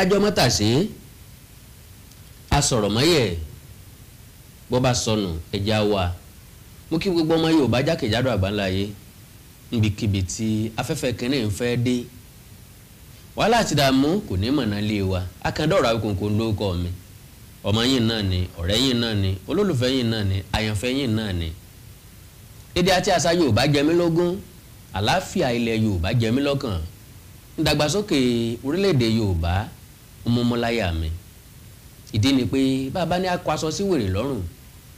adájọ́ mọ́tàṣé asọ̀rọ̀mọ́yẹ̀ bọ́ bá sọnù ẹja wa mo kí gbogbo ọmọ Yorùbá jákèjádò àgbáńláyé níbikíbi tí afẹ́fẹ́ kínní ń fẹ́ dé wàhálà àti dààmú kò ní mọ̀nà lé wa akandọ̀rọ̀ Awikonko lórúkọ mi ọmọ yìí náà ni ọ̀rẹ́ yìí náà ni olólùfẹ́ yìí náà ni àyànfẹ́ yìí náà ni èdè àti àṣà Yorùbá jẹ mí lógún àlàáfíà ilẹ̀ Yorùbá jẹ mí lọ́kàn ìdàgbàsókè orílẹ̀-èdè Yorùbá ọmọmọláyà mi ìdí ni pé bàbá ní akọ aṣọ sí wèrè lọ́rùn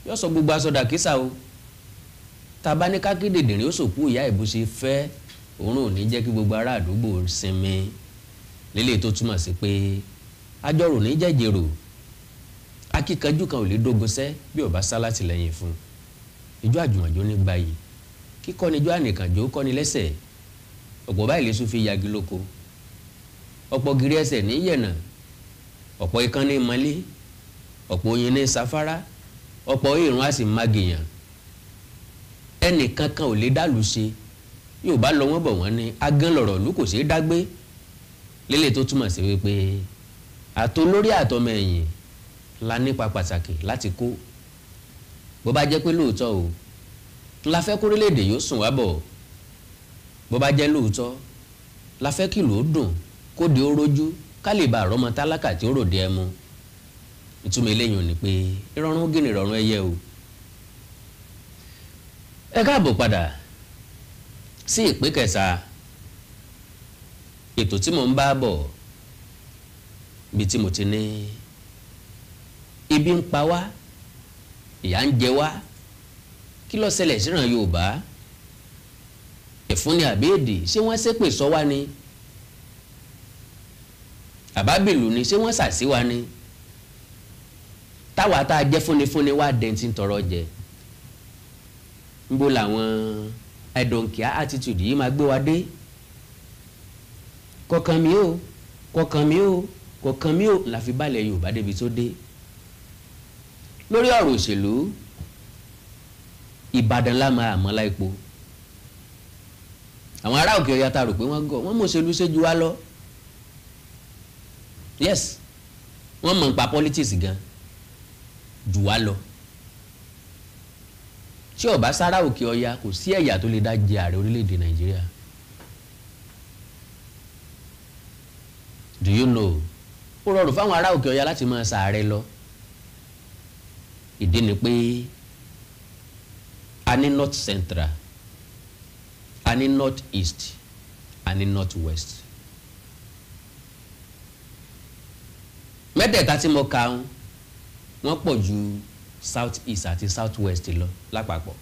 yóò sọ gbogbo aṣọ dàkísà o tàbá ní kákéde dìrín ó sòkú ìyá ìbú ṣe fẹ́ òórùn ò ní jẹ́ kí gbogbo ará àdúgbò sinmi lélẹ̀ tó túmọ̀ sí pé ajọ́rò ní jẹ́jẹ̀rò akíkanjú kan ò lè dógun sẹ́ bí ò bá sá látìlẹ́yìn fún ìjọ àjùmọ̀jó ní gbayì kíkọ́ni ijó ànìkànjó kọ́ni lẹ́sẹ̀ ọ̀pọ̀ báyìí lè sùn fi yagi lóko ọ̀pọ̀ gírí ẹsẹ̀ ní yẹ̀nà ọ̀pọ̀ ikán ní mali, ọ̀pọ̀ oyin ní sáfárá ọ̀pọ̀ irun á sì magìyàn ẹnìkankan ò lè dàlú ṣe yóò bá lọ wọ́n bọ̀ wọ́n ní agán lọ̀rọ̀ ló kò ṣeé dágbé lélẹ̀ tó túmọ̀ sí wípé àtolórí àtọmọ ẹ̀yìn la nípa pàtàkì láti kó bó bá jẹ́ pé lóòótọ́ o la fẹ́ kórílẹ̀ yóò sùn wá bọ̀ bó bá jẹ́ lóòótọ́ la fẹ́ kìlú ó dùn kó di ó rójú ká lè bá àrọ́mọ tálákà tí ó ròde ẹmu ìtumọ̀ eléyìí ò ní pé ìrọ̀rùn ó gìnì ìrọ̀rùn ẹyẹ o. ẹ káàbọ̀ padà sí ìpín kẹsà ètò tí mò ń bá bọ̀ ibi tí mo ti ní ibi ń pa wá ìyà ń jẹ wá kí ló ṣẹlẹ̀ síran Yorùbá ẹ̀fún ni àbẹ́ẹ̀dì ṣé wọ́n ṣépè sọ wá ni àbábèlú ni ṣé wọ́n ṣàṣìwá ni táwa tá a jẹ́ fúnifúnni wá dẹ̀ntì tọrọ jẹ níbo làwọn ẹ̀dọ̀nkìá attitude yìí máa gbé wa dé kọkàn mi ò kọkàn mi ò kọkàn mi ò láfi balẹ̀ Yorùbá débi tó dé lórí ọ̀rọ̀ òṣèlú Ìbàdàn la máa àmọ́lá epo àwọn ará òkè ọ̀yà ta rò pé wọ́n gọ̀ wọ́n mọ̀ òṣèlú ṣe ju wa lọ yes wọ́n mọ̀ nípa politics gan jù wá lọ tí ó bá sára òkè ọya kò sí ẹ̀yà tó lè dá jẹ ààrẹ orílẹ̀-èdè nàìjíríà do you know ó rọrùn fáwọn ará òkè ọya láti máa ṣàárẹ̀ lọ ìdí ni pé a ní north central a ní north east a ní north west. mẹ́tẹ̀ẹ̀ta tí mo kà ń wọ́n pọ̀ ju south east àti south west lọ lápapọ̀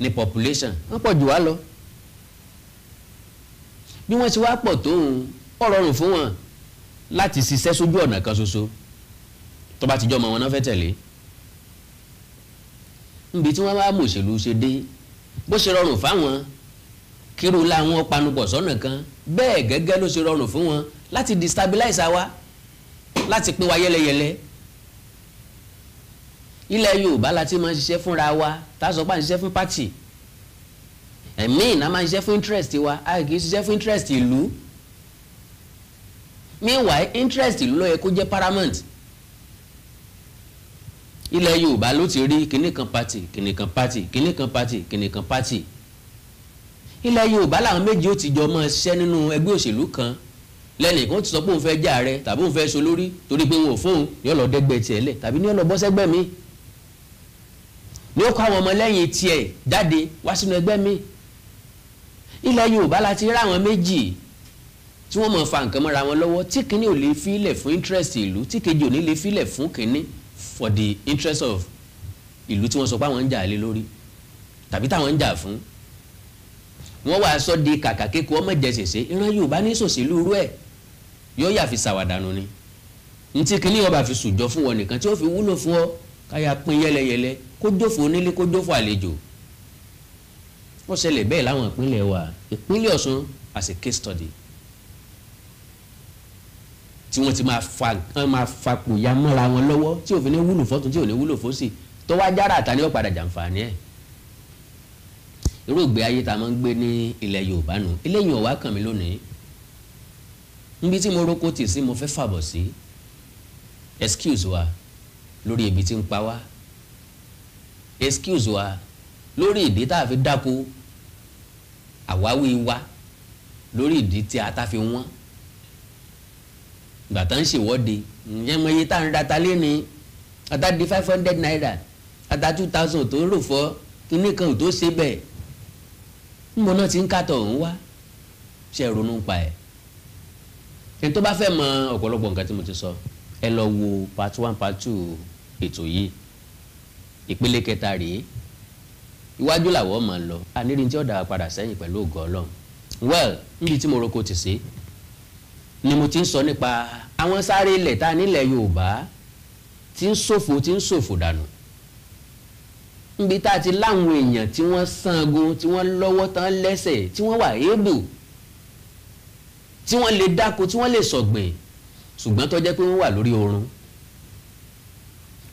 ní population wọ́n pọ̀ jù wá lọ bí wọ́n ti wá pọ̀ tó ń ó rọrùn fún wọn láti ṣiṣẹ́ sójú ọ̀nà kan ṣoṣo tó bá ti jọ ọmọ wọn náà fẹ́ tẹ̀lé níbi tí wọ́n bá mú òṣèlú ṣe dé bó ṣe rọrùn fáwọn kírun láwọn panupọ̀ sọ́nà kan bẹ́ẹ̀ gẹ́gẹ́ ló ṣe rọrùn fún wọn láti destabilize àwa láti pín wa yẹlẹyẹlẹ ilẹ̀ Yorùbá la ti máa ń ṣiṣẹ́ fúnra wa tá a sọ pé à ń ṣiṣẹ́ fún pátì ẹ̀mí ìná máa ń ṣiṣẹ́ fún interest wa a kì í ṣiṣẹ́ fún interest ìlú meanwhile interest ìlú ló yẹ kó jẹ́ paramount ilẹ̀ Yorùbá ló ti rí kinní kan pátì kinní kan pátì kinní kan pátì kinní kan pátì ilẹ̀ Yorùbá làwọn méjì ó ti jọ máa ṣiṣẹ́ nínú ẹgbẹ́ òṣèlú kan lẹ́nì kan ti sọ pé òun fẹ́ já rẹ tàbí òun fẹ́ so lórí torí pé òun ò fóun ní ọlọ́dẹ́gbẹ́ tiẹ̀ lẹ̀ tàbí ní ọlọ́bọ́sẹ́gbẹ́ mi ní ó kọ́ àwọn ọmọlẹ́yìn tiẹ̀ jáde wá sínú ẹgbẹ́ mi ilẹ̀ Yorùbá la ti rá àwọn méjì tí wọ́n mọ̀ fa nǹkan mọ́ra wọn lọ́wọ́ tí kínní ò lè filẹ̀ fún interest ìlú tí kejì ò ní lè filẹ̀ fún kínní for the interest of ìlú tí wọ́n sọ pé àwọn ń jà lé lórí tàbí táwọn ń jà fún wọ́n wàá sọ di kàkà kéku ọmọ jẹ ṣèṣe ìran Yorùbá ní sòṣèlú irú ẹ̀ yóò yà fi ṣàwàdànù ni ntí kìíní wọn bá fi sùjọ fún wọn nìkan tí ó fi wúlò fún ọ káyà pín yẹlẹyẹlẹ kó jófò onílé kó jófò àlejò ó ṣẹlẹ̀ bẹ́ẹ̀ láwọn ìpínlẹ̀ wa ìpínlẹ̀ Ọ̀ṣun as a case study tí wọ́n ti máa fa wọ́n máa fapò ya mọ́ra wọn lọ́wọ́ tí òfin ní wúlò fọ́tún tí ò ní wúlò fọ́sì tó wá jára àtàní ó padà jàǹfààní ẹ̀ irú ìgbé ayé tá a máa ń gbé ní ilẹ̀ Yorùbá nù eléyìí ò wá lónìí níbi tí mo roko tì sí mo fẹ́ fàbọ̀ sí excuse wa lórí ebi tí ń pa wá excuse wa lórí ìdí tá a fi dáko àwáwí wa lórí ìdí tí a ta fi wọ́n gbà tá ń ṣèwọ́de ǹjẹ́ mo iye tá ń ra ta lé ni ata di five hundred naira ata two thousand tó ń rò fọ́ kíní kan ò tó ṣe bẹ́ẹ̀ ń bọ̀ náà ti ń kàtọ̀ ń wá ṣe ronú pa ẹ̀ ẹni tó bá fẹ́ mọ ọ̀pọ̀lọpọ̀ nǹkan tí mo ti sọ ẹ lọ wo part one part two ètò yìí ìpele kẹta rèé iwájú làwọn máa ń lọ àníri tí ó dára padà sẹ́yìn pẹ̀lú ògo Ọlọ́run well níbi tí mo roko ti sí ni mo ti ń sọ nípa àwọn sáré ilẹ̀ tá a nílẹ̀ Yorùbá ti ń ṣòfò ti ń ṣòfò dànù níbi tá a ti láwọn èèyàn tí wọ́n sangun tí wọ́n lọ́wọ́ tán lẹ́sẹ̀ tí wọ́n wà éèbù tí wọ́n lè dáko tí wọ́n lè sọ̀gbìn ṣùgbọ́n tó jẹ́ pé wọ́n wà lórí oorun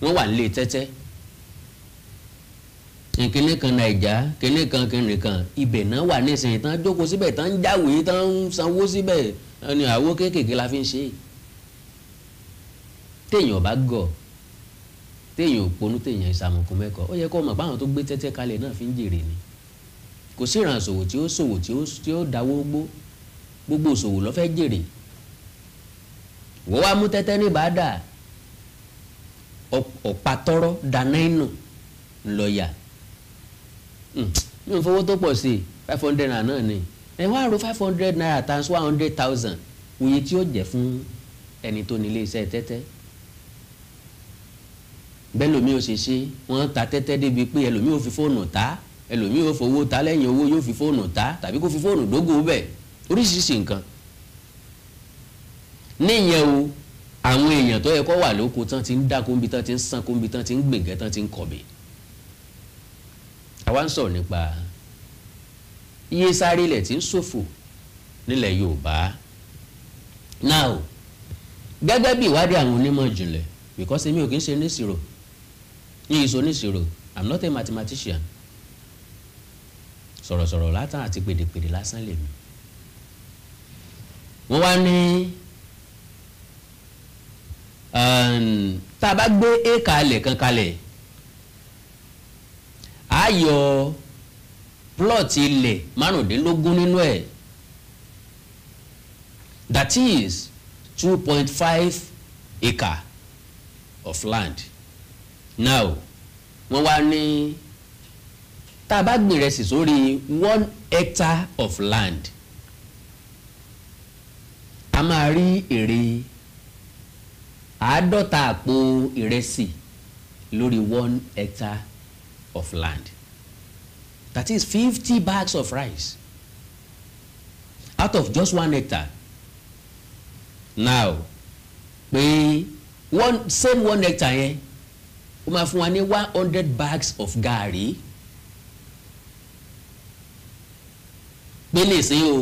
wọ́n wà nílé tẹ́tẹ́ nkíní kan nàìjà kíní kan kíní kan ibẹ̀ náà wà nísìnyí tán jókòó síbẹ̀ tán jáwèé tán sanwó síbẹ̀ ẹni àwo kéékèèké la fi ń ṣe téèyàn bá gọ̀ téèyàn ò ponú téèyàn ìsàmùkún mẹ́kọ̀ọ́ ó yẹ kó mọ̀ páwọn tó gbé tẹ́tẹ́ kalẹ̀ náà fi ń jèrè ni kò sí ìrànṣòwò tí ó ṣòwò tí ó dáwó gbó gbogbo òṣòwò ló fẹ́ jèrè wọ́n wá mú tẹ́tẹ́ ní bàdà ọ̀pá tọ́rọ́ dáná inú ńlọ́yà mi ò tó pọ̀ sí five hundred naira náà ni ẹ wá ro five hundred naira times one hundred thousand oye tí ó jẹ́ fún ẹni tó ní iléeṣẹ́ tẹ́tẹ́ bẹ́ẹ̀ lomi ò ṣe ṣe wọ́n ta tẹ́tẹ́ débi pé ẹlòmíì ò fi fóònù ta ẹlòmíì ò fowó ta lẹ́yìn owó yóò fi fóònù ta tàbí kó fi fóònù dógò bẹ́ẹ̀ oríṣiríṣi nǹkan níyẹn o àwọn èèyàn tó yẹ kó wà lóko tán ti ń dáko ńbi tán ti ń sanko ńbi tán ti ń gbèǹgẹ́ tán ti ń kọ̀bẹ̀ àwa ń sọ̀rọ̀ nípa iye sáré ilẹ̀ tí ń ṣòfò nílẹ̀ Yorùbá now gẹ́gẹ́ bí ìwádìí àwọn onímọ̀ ìjìnlẹ̀ because èmi ò kí ń ṣe níṣirò yìí ìṣó níṣirò I'm not a mathematician sọ̀rọ̀sọ̀rọ̀ látàn àti pèdèpèdè lásán lèmi wọ́n wá ní um, tá a bá gbé éka alẹ̀ kan kalẹ̀ a yọ plọ̀tì ilẹ̀ márùndínlógún nínú ẹ̀ that is two point five acre of land now wọ́n wá ní tá a bá gbìn rẹ̀ sí sórí one hectare of land a máa rí èrè àádọ́ta àpò ìrẹsì lórí one hectare of land that is fifty bags of rice out of just one hectare now pé one same one hectare yẹn ó máa fún wa ní one hundred bags of gààrí pé lè sí o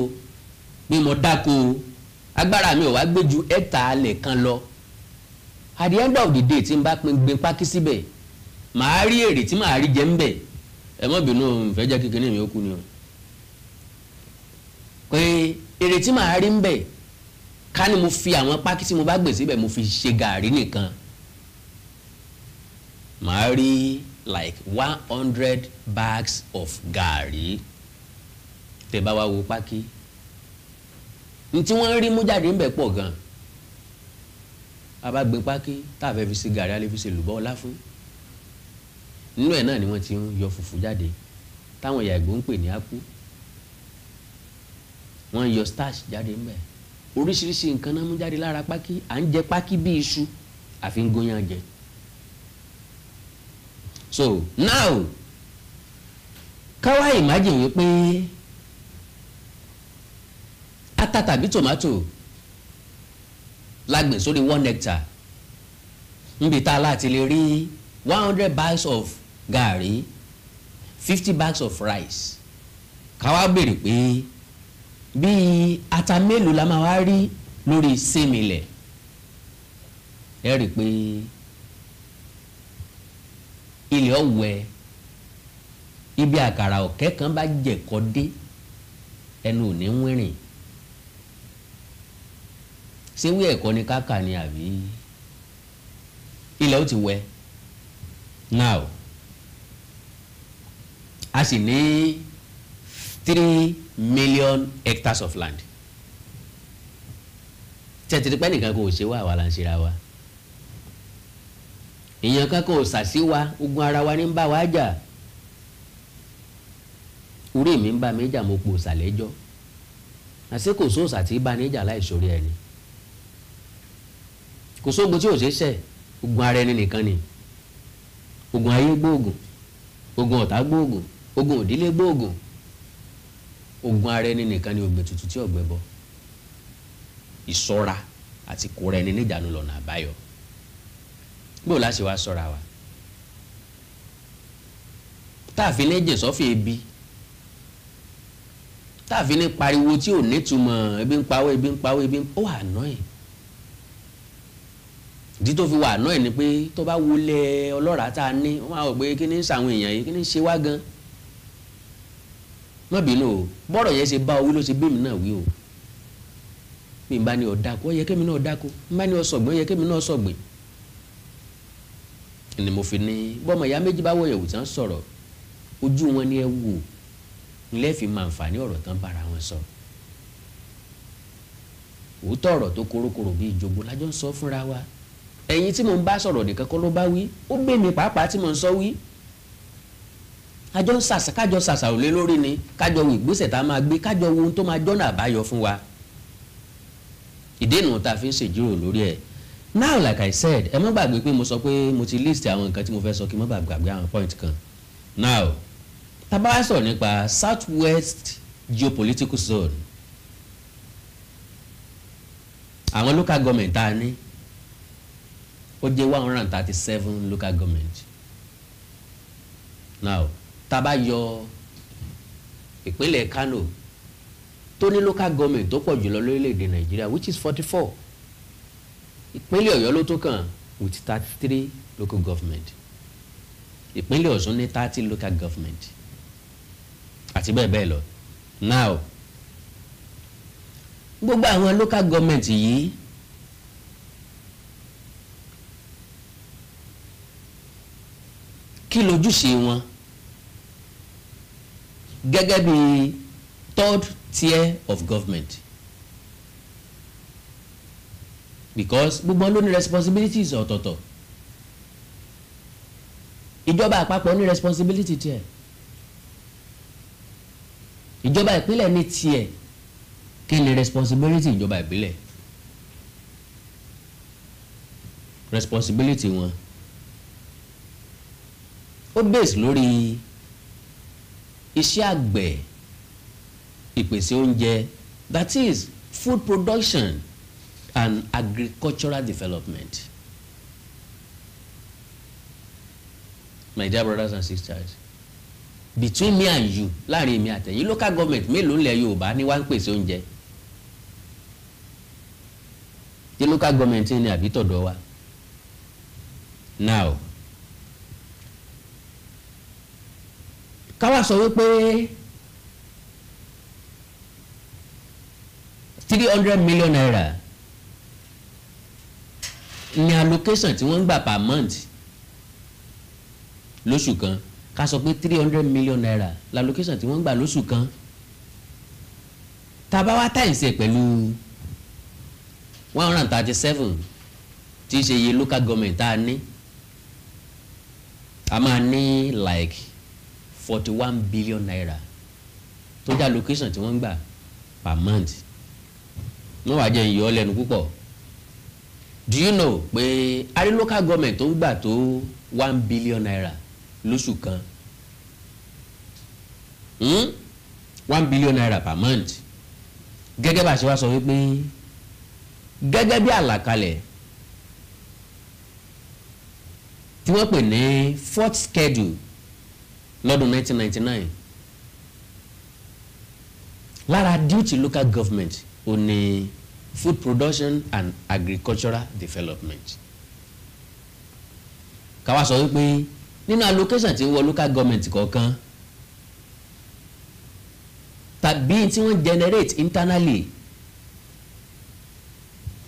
pé mo dáko o agbára mi ò wá gbé ju ẹ̀ta lè kan lọ at the end of the day tí n bá pin gbé pákí síbẹ̀ màá rí èrè tí màá rí jẹ́ ń bẹ̀ ẹ mọ́ bínú ìfẹ́ jẹ́ kékeré mi ó kú ni o pé èrè tí màá rí ń bẹ̀ ká ní mo fi àwọn pákí tí mo bá gbè síbẹ̀ mo fi ṣe gàrí nìkan màá rí like one hundred bags of gàrí tẹ́ bá wá wo pákí ntí wọ́n rí mú jáde ń bẹ̀ pọ̀ gan bàbá pákí tá a fẹ́ fi ṣe gàrí alẹ́ fi ṣe lùbọ́ ọlá fún nínú ẹ̀ náà ni wọ́n ti ń yọ fùfú jáde táwọn ìyá Ìgbò ń pè ní akú wọ́n yọ starch jáde ń bẹ̀ oríṣiríṣi nǹkan náà mú jáde lára pákí à ń jẹ pákí bí iṣu àfi ń góyàn jẹ so now káwá imagine wípé ata tàbí tomato la gbìn sórí one hectare níbi tá a láti lè rí one hundred bags of gàrí fifty bags of rice ká wá béèrè pé bíi ata mélòó la máa wá rí lórí sẹ́milẹ̀ ẹ rí i pé ilẹ̀ ọ̀wẹ́ ibi àkàrà ọ̀kẹ́ kan bá jẹ̀kọ́ dé ẹnu ò ní wínrìn. ṣé wí ẹ̀kọ́ ni káka ni àbí ilẹ̀ ó ti wẹ now a sì ní three million hectares of land tẹ̀tìrì pẹ́ nìkan kò ṣe wá wa èèyàn kan kò wa ogun ara wa ní ń bá wa jà orí mi ń bá mi jà mo pò kò sóògùn tí ò ṣe sẹ̀ oògùn ara ẹni nìkan ni oògùn ayé gbóògùn oògùn ọ̀tá gbóògùn oògùn òdílé gbóògùn oògùn ara ẹni nìkan ni ògbè tuntun tí ọ̀gbẹ́ bọ ìṣọ́ra àti kóra ẹni níjànú lọ́nà àbáyọ bó la ṣe wá ṣọ́ra wa táàfin ní jìn ebi táàfin ní pariwo tí ò nítumọ̀ ebi ń pawó ebi ń pawó ebi ń ó wà náà yìí ìdí tó fi wà àná ẹ̀ ni pé tó bá wọlé ọlọ́ràá tá a ní wọ́n máa wò pé kí ni ń sàwọn èèyàn yìí kí ni ń ṣe wá gan má bínú o bọ́rọ̀ yẹn ṣe bá o wí ló ṣe bí mi náà wí o mi bá ní ọ̀dà kó yẹ kémi náà dáko mi bá ní ọ̀sọ̀gbìn yẹ kémi náà sọ̀gbìn ni mo fi ní bọ́mọ ìyá méjì bá wọ̀yẹ̀ wò tán sọ̀rọ̀ ojú wọn ni ẹ wò nílẹ̀ fi máa ń fà ní ọ̀rọ̀ tán bára wọn sọ òótọ́ ọ̀rọ̀ tó korokoro bíi ìjogbo lájọ́ ń sọ fúnra wa ẹ̀yin tí mo ń bá sọ̀rọ̀ nìkan kọ́ ló bá wí ó gbé mi pàápàá tí mo ń sọ wí kájọ ń sàṣà kájọ sàṣà ò lórí ni kájọ wo ìgbésẹ̀ tá a máa gbé kájọ wo ohun tó máa jọ́nà àbáyọ fún wa ìdènà tá a fi ń ṣèjíròrò lórí ẹ̀ now like i said ẹ má gbàgbé pé mo sọ pé mo ti list àwọn nǹkan tí mo fẹ́ sọ kí n má bàa gbàgbé àwọn point kan now tá bá sọ̀rọ̀ nípa south west geopolitical zone àwọn local government tá a ní ó jẹ́ one hundred and thirty seven local government now tá a bá yọ ìpínlẹ̀ Kano tó ní local government tó pọ̀ jùlọ lórílẹ̀‐èdè Nàìjíríà which is forty four ìpínlẹ̀ Ọ̀yọ́ ló tó kàn with thirty three local government ìpínlẹ̀ Ọ̀ṣun ní thirty local government àti bẹ́ẹ̀ bẹ́ẹ̀ lọ now gbogbo àwọn local government yìí kí lójúṣe wọn gẹ́gẹ́ bí third tier of government because gbogbo ló ní responsibilities ọ̀tọ̀ọ̀tọ̀ ìjọba àpapọ̀ ní responsibility tiẹ̀ ìjọba ìpínlẹ̀ ní tiẹ̀ kí ni responsibility ìjọba ìbílẹ̀ responsibility wọn ó base lórí iṣẹ́ àgbẹ̀ ìpèsè oúnjẹ that is food production and agricultural development. My dear brothers and sisters between me and you láàrin èmi àtẹ̀yìn local government mélòó ńlẹ̀ Yorùbá ni wá ń pèsè oúnjẹ tí local government ní àbí tọ̀dọ̀ wa now káwá sọ wípé three hundred million naira ni allocation tí wọ́n ń gbà per month lóṣù kan ká sọ pé three hundred million naira la allocation tí wọ́n ń gbà lóṣù kan tá a bá wá times ẹ̀ pẹ̀lú one hundred and thirty seven tí í ṣe iye local government tá a ní a máa ní like forty one billion naira tó jẹ́ allocation tí wọ́n ń gbà per month wọ́n wàá jẹ́ ìyọ́ lẹ́nu púpọ̀ do you know pé arí local government tó ń gbà tó one billion naira lóṣù kan hmm? one billion naira per month gẹ́gẹ́ bá a ṣe wá sọ wípé gẹ́gẹ́ bí àlàkalẹ̀ tí wọ́n pè ní fourth schedule lọ́dún 1999 lára duty local government ò ní food production and agricultural development káwa sọ wípé nínú allocation tí ń wọ local government kọ̀ọ̀kan tàbí tí wọ́n generate internally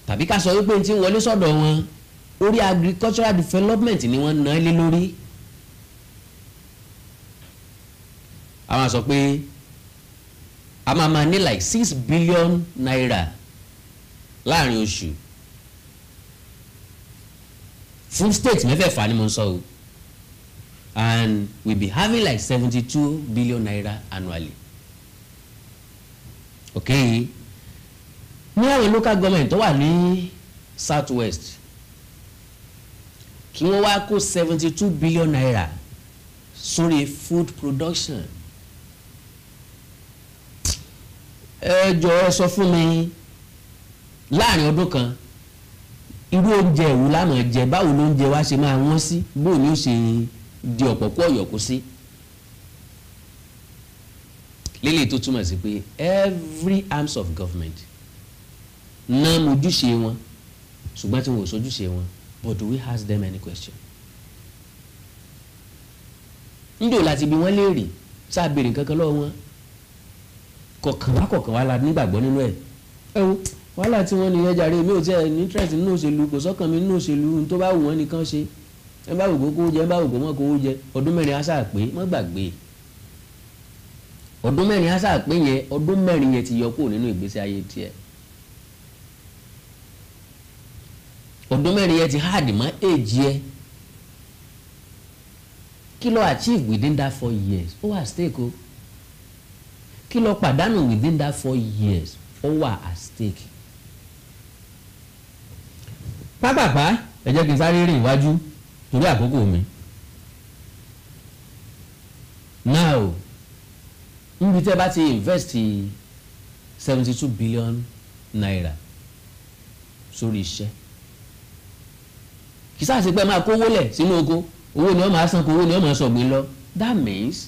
tàbí ká sọ wípé tí ń wọlé sọ́dọ̀ wọn orí agricultural development ni wọ́n ná lé lórí. máa sọ pé a máa máa ní like six billion naira láàrin oṣù fún state mẹ́fẹ̀ẹ̀fà ni mo sọ o and we be having like seventy two billion naira annually okay ní àwọn local government tó wà ní south west kí wọ́n wá kó seventy two billion naira sórí food production ẹ jọ̀ọ́ ẹ sọ fún mi láàrin ọdún kan irú oúnjẹ ìwò lánàá jẹ báwo lóúnjẹ wa ṣe máa wọ́n sí bóò ni ó ṣe di ọ̀pọ̀pọ̀ ọ̀yọ̀kú sí. lélẹ̀ tó túmọ̀ sí pé every arms of government ná mojúṣe wọn ṣùgbọ́n tí wọn ò sojúṣe wọn but do we ask them any question. ń dò láti bí wọ́n léèrè sáà béèrè kankan lọ́wọ́ wọn kọ̀ọ̀kan wá kọ̀ọ̀kan wá la nígbàgbọ́ nínú ẹ̀ ẹ wo wàhálà tí wọ́n nìyẹn jàre mi ò tiẹ̀ ní interest nínú òṣèlú kò sọ́kàn mi nínú òṣèlú tó bá wù wọ́n nìkan ṣe ẹ bá wò kó jẹ ẹ bá wò kó mọ́ kó jẹ ọdún mẹ́rin á sáà pé má gbàgbé ọdún mẹ́rin á sáà pé yẹn ọdún mẹ́rin yẹn ti yọ kúrò nínú ìgbésí ayé tiẹ̀ ọdún mẹ́rin yẹn ti háàdì mọ́ èjì ẹ kí ló achieve within that four years ó wà stake o. Oh, kí ló pàdánù within that four years ó wà at stake. pápápá ẹ jẹ́ kí n sáré rìn iwájú torí àkókò mi. now níbi tẹ́ bá ti invest seventy two billion naira sórí iṣẹ́ kì sáà sí pé máa kówó lẹ̀ sínú oko owó ni wọ́n máa san kó owó ni wọ́n máa sọ̀gbìn lọ that means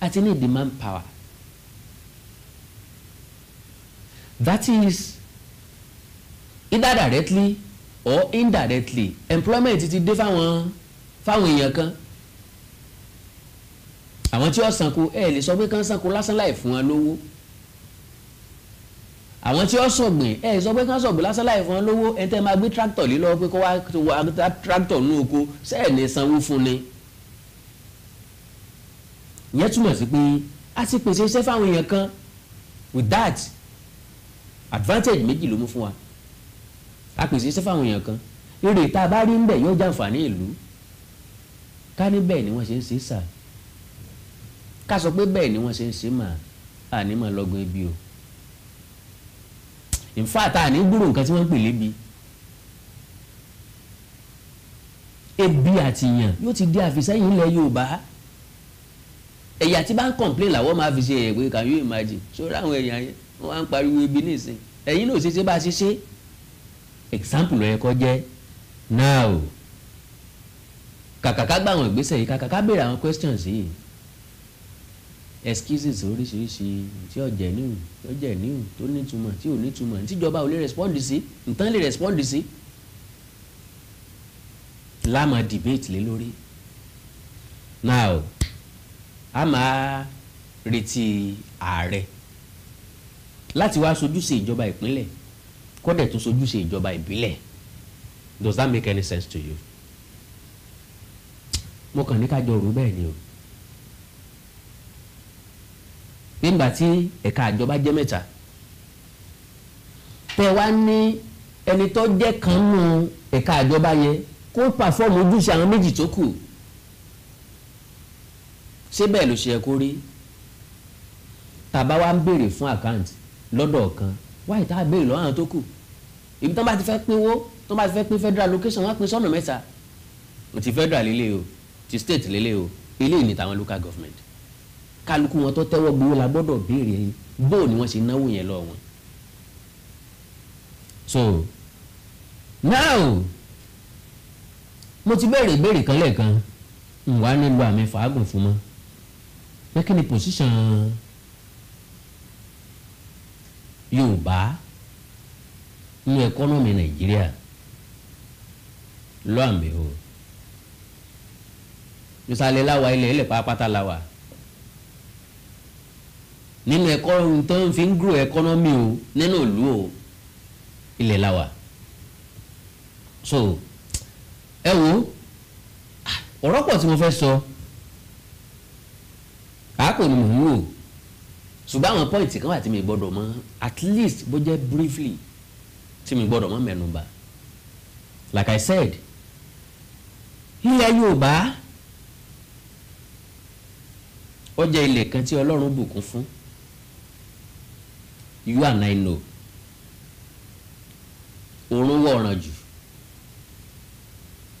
a ti ní demand power that is either directly or indirectly employment ti dé fáwọn fáwọn èèyàn kan àwọn tí ó sanko ẹ lè sọ pé kán sanko lásán láì fún wọn lówó àwọn tí ó sọ̀gbìn ẹ sọ pé kán sọ̀gbìn lásán láì fún wọn lówó ẹ tẹ́ máa gbé tractor lé lọ́wọ́ pé kó wá tractor nú oko sẹ́ẹ̀ ní sanwó fún ni ìyẹn túmọ̀ sí pé a ti pèsè iṣẹ́ fáwọn èèyàn kan with that advantage méjì ló mú fún wa a pèsè iṣẹ́ fáwọn èèyàn kan èrè tá a bá rí níbẹ̀ yóò jàǹfààní ìlú ká ní bẹ́ẹ̀ ni wọ́n ṣe ń ṣe sà ká sọ pé bẹ́ẹ̀ ni wọ́n ṣe ń ṣe mà á ní mà lọ́gbọ́n ibi o in ní gbúrò nǹkan tí wọ́n ń pè lébi ebi àti yàn yóò ti di àfisẹ́yìn ilẹ̀ Yorùbá ẹ̀yà tí bá ń complain làwọn máa fi ṣe ẹ̀yẹ̀ pé can you imagine ṣó ráwọn ẹ̀yà yẹn wọ́n wá ń pariwo ebi nísìn ẹ̀yin náà ṣe bá a ṣe example ẹ̀ kọ́ jẹ́ now kàkàká gbà àwọn ìgbésẹ̀ yìí kàkàká béèrè àwọn questions yìí excuses oríṣiríṣi tí ọ̀jẹ̀ níhù tí ọ̀jẹ̀ níhù tó nítumọ̀ tí ò nítumọ̀ tíjọba ò lè respond sí nǹkan lè respond sí láàmà debate lé lórí now a máa retí ààrẹ láti wá sojúṣe ìjọba ìpínlẹ̀ kọ́dẹ̀ tó sojúṣe ìjọba ìbílẹ̀ does that make any sense to you? mo kàn ní ká jọ rò bẹ́ẹ̀ ni o nígbà tí ẹ̀ka àjọba jẹ́ mẹ́ta tẹ wá ní ẹni tó jẹ́ kan nù ẹ̀ka àjọba yẹn kó pàfọ́ọ̀mù ojúṣe àwọn méjì tó kù ṣé bẹ́ẹ̀ ló ṣe yẹ kó rí tàbá wa ń béèrè fún àkáǹtì lọ́dọ̀ kan wáyé tá a béèrè lọ́wọ́ àwọn tó kù ibi tán bá ti fẹ́ pínwó tán bá ti fẹ́ pín federal location wọ́n á pín sọ́nà mẹ́ta ti federal lélẹ̀ o ti state lélẹ̀ o eléyìí ni tàwọn local government kálukú wọn tó tẹ́wọ́ gbowó la gbọ́dọ̀ béèrè yìí bó ni wọ́n ṣe náwó yẹn lọ́wọ́ wọn. so now mo ti béèrè ìbéèrè kan lẹ́ẹ̀kan n wà nílò àmì fàágùn fún mọ́ pé kí ni position yorùbá ní ẹkọ́nọ́mì nàìjíríà lọ́àmì o ìsàlẹ̀ làwà ilẹ̀ ilẹ̀ pàápàá làwà nínú ẹ̀kọ́ tó ń fi ń grow ẹkọ́nọ́mì o nínú ìlú o ilẹ̀ làwà so ẹ wo ọ̀rọ̀ pọ̀ tí mo fẹ́ sọ àákò ni mò ń wò ṣùgbọ́n àwọn pọ́ìntì kan wà tí mi gbọ́dọ̀ mọ̀ at least bó jẹ́ briefly tí mi gbọ́dọ̀ mọ̀ mẹ́nubà like I said ilẹ̀ Yorùbá ó jẹ́ ilẹ̀ kan tí Ọlọ́run bùkún fún you and I know òórùn wọ̀ ọ̀ràn jù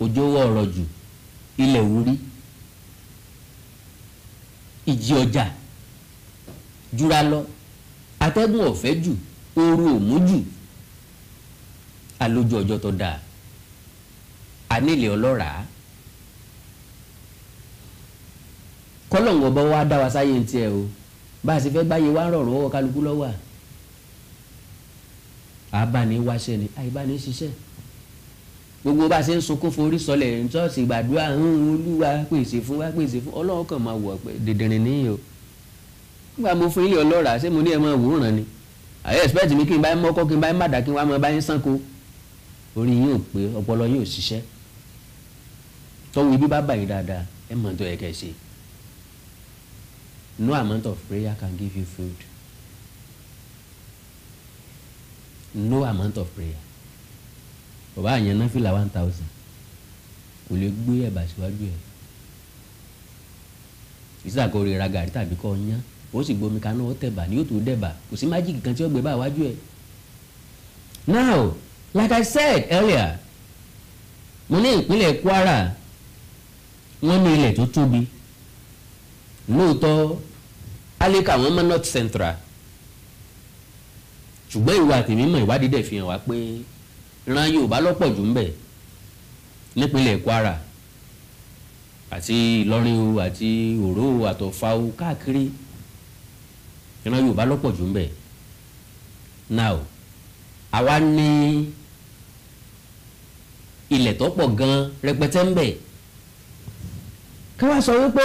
òjò wọ̀ ọ̀rọ̀ jù ilẹ̀ wúrí ìjì ọjà jura lọ atẹ́gùn ọ̀fẹ́ jù ooru òmú jù alójú ọjọ́ tó dáa anílẹ̀ ọlọ́ràá kọ́lọ̀ǹgọ̀ bọ́ wá dá wa sáyé ń tiẹ̀ o bá a sì fẹ́ báyé wá rọ̀rùn ọwọ́ kálukú lọ́wọ́ à àbáni wáṣẹ́ ni àìbáni ṣiṣẹ́ gbogbo bá a ṣe ń sunkún forí sọlẹ̀ ń tọ́sí gbàdúrà ń olúwa pèsè fún wa pèsè fún ọlọ́run máa wọ̀ pé dèdèrè níyì o nígbà mo fún ilé ọlọ́ra ṣé mo ní ẹ máa ni àyè expect mi kí n bá yín mọ́kọ́ kí n bá yín màdà kí n wá máa bá yín sànko orí yín ò pé ọpọlọ yín ò ṣiṣẹ́ tọ́wọ́ ibi bá bàyí dáadáa ẹ mọ̀ tó yẹ kẹ́ ẹ ṣe no amount of prayer can give you food no amount of prayer bàbá àyàn náà fìlà one thousand kò lè gbé ẹ̀bà síwájú ẹ̀ ìsàkórè ra gàrí tàbí kọ́ yán ó sì gbomi kaná ó tẹ̀bà ni yóò tó dẹ̀bà kò sí májíkì kan tí ó gbé bá wájú ẹ̀. now like i said earlier mo ní ìpínlẹ̀ kwara wọ́n ní ilẹ̀ tó tóbi lóòótọ́ alika wọn mọ north central ṣùgbọ́n ìwà tèmi mọ̀ ìwádìí dẹ̀ fi hàn wá pé ran yorùbá lọ́pọ̀ jù ń bẹ̀ nípínlẹ̀ kwara àti ìlọrin o àti òró àtọ̀fà o káàkiri ìran yorùbá lọ́pọ̀ jù ń bẹ now àwa ní ilẹ̀ tó pọ̀ gan rẹpẹtẹ ń bẹ ká wá sọ wípé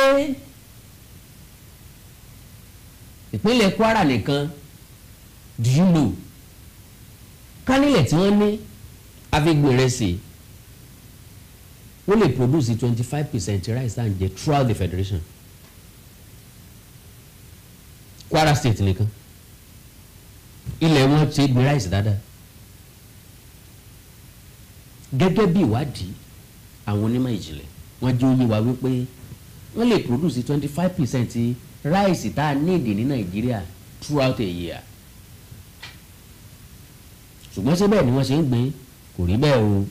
ìpínlẹ̀ kwara nìkan do you know ká nílẹ̀ tí wọ́n ní afigbèrèsè wọ́n lè produce twenty five percent rice and jẹ throughout the federation. Kwara state nìkan ilẹ̀ wọn ti gbin rice dáadáa gẹ́gẹ́ bí ìwádìí àwọn onímọ̀ ìjìnlẹ̀ wọ́n jẹ́ oyé wa wípé wọ́n lè produce twenty five percent rice tá a ní èdè ní Nàìjíríà throughout a year ṣùgbọ́n ṣé bẹ́ẹ̀ ni wọ́n ṣe ń gbìn kò rí bẹ́ẹ̀ o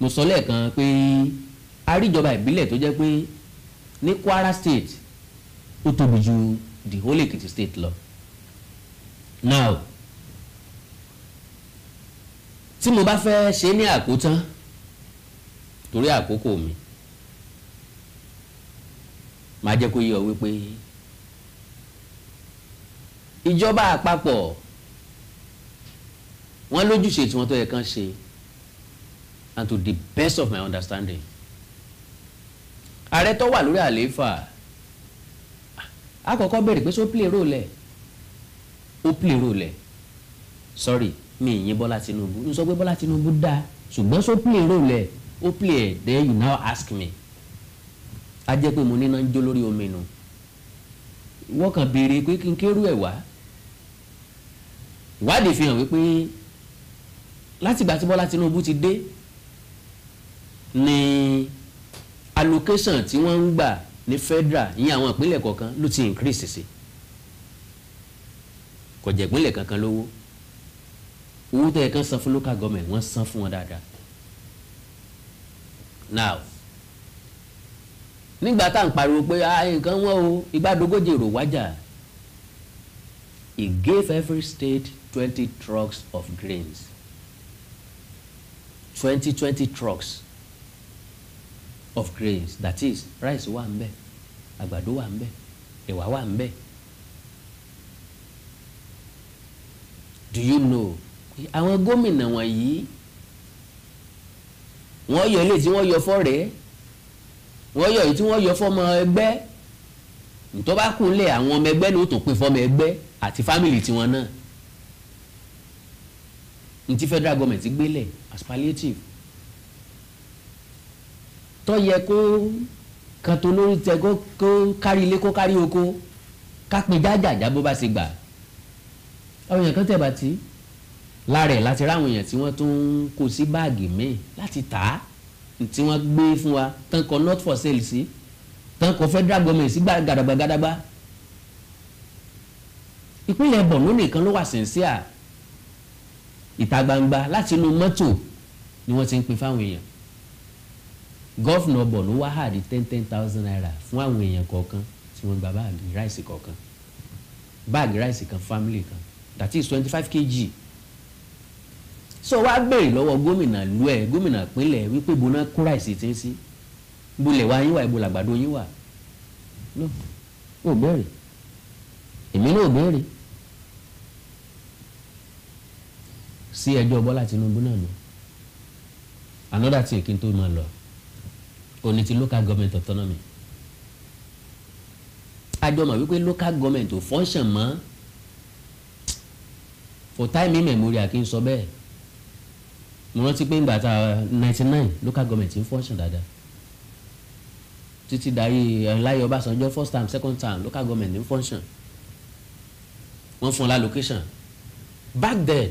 mo sọ lẹ́ẹ̀kan pé àríjọba ìbílẹ̀ tó jẹ́ pé ní Kwara state ó tóbi ju the Holy Ekiti state lọ now tí mo bá fẹ́ ṣe ní àkótán torí àkókò mi màá jẹ́ kó yé ọ wípé ìjọba àpapọ̀ wọ́n lójúṣe tí wọ́n tó yẹ kán ṣe and to the best of my understanding ààrẹ tó wà lórí àlééfà àkọ́kọ́ béèrè pé ṣó play role ẹ̀ ó play role sorry mi ì yín Bọ́lá Tinubu n sọ pé Bọ́lá Tinubu dáa ṣùgbọ́n ṣó play role ẹ̀ ó play then you now ask me a jẹ́ pé mo níná ń jó lórí omi nu wọ́n kàn béèrè pé kí n kérú ẹ̀ wá ìwádìí fi hàn wípé látìgbà tí Bọ́lá Tinubu ti dé ni allocation tí wọ́n ń gbà ní federal ìyẹn àwọn ìpínlẹ̀ kọ̀ọ̀kan ló ti increase sí kò jẹ́ ìpínlẹ̀ kankan lówó owó tó yẹ kán san fún local government wọ́n san fún wọn dáadáa now nígbà tá à ń pariwo pé ah, nǹkan wọn o igbádogójì èrò wájà he gave every state twenty trucks of grains twenty twenty trucks of grace that is rice wà ń bẹ àgbàdo wà ń bẹ ẹ̀wà wà ń bẹ do you know àwọn gómìnà wọ̀nyí wọ́n yọ ilé tí wọ́n yọ fọ́rẹ̀ẹ́ wọ́n yọ èyí tí wọ́n yọ fọ́mọ ẹgbẹ́ ntọ́ bá kúnlẹ̀ àwọn ọmọ ẹgbẹ́ ni ó tó pín fọ́mọ ẹgbẹ́ àti fámìlì tiwọn náà ntí federal government gbélẹ̀ as palliative tó yẹ kó kan tó lórí tẹ kó kó kárí ilé kó kárí oko ká pin jájàjá bó bá ṣe gbà àwọn èèyàn kan tẹ̀ bá ti lára láti ráwọn èèyàn tí wọ́n tún kó sí báàgì míì láti tà á tí wọ́n gbé fún wa tán kọ not for sale sí tán kọ federal government sí gàdàgbà gàdàgbà ìpínlẹ̀ Borno nìkan ló wà sincere ìta gbangba láti inú mọ́tò ni wọ́n ti ń pín fáwọn èèyàn gọ́fìnà ọbọ̀ ló wá hàdí ten ten thousand naira fún àwọn èèyàn kọ̀ọ̀kan tí wọ́n gba báàgì ráìsì kọ̀ọ̀kan báàgì ráìsì kan fámìlì kan that is twenty five kg so wá béèrè lọ́wọ́ gómìnà lu ẹ̀ gómìnà pínlẹ̀ wípé bóná kó ráìsì tí ń sí ibo lẹ̀ wá yín wà ibo làgbàdo yín wà no ò béèrè èmi náà ò béèrè sí ẹjọ́ Bọ́lá Tinubu náà nù another thing kí n tó máa lọ òní ti local government autonomy àjọ mọ̀ wípé local government ò function mọ́ for time immemorial kí n sọ bẹ́ẹ̀ mo rántí pé ìgbà ninety nine local government ń function dáadáa títí darí eh, Láyé Ọbásanjọ́ first time second time local government ń function wọ́n fún un location. back then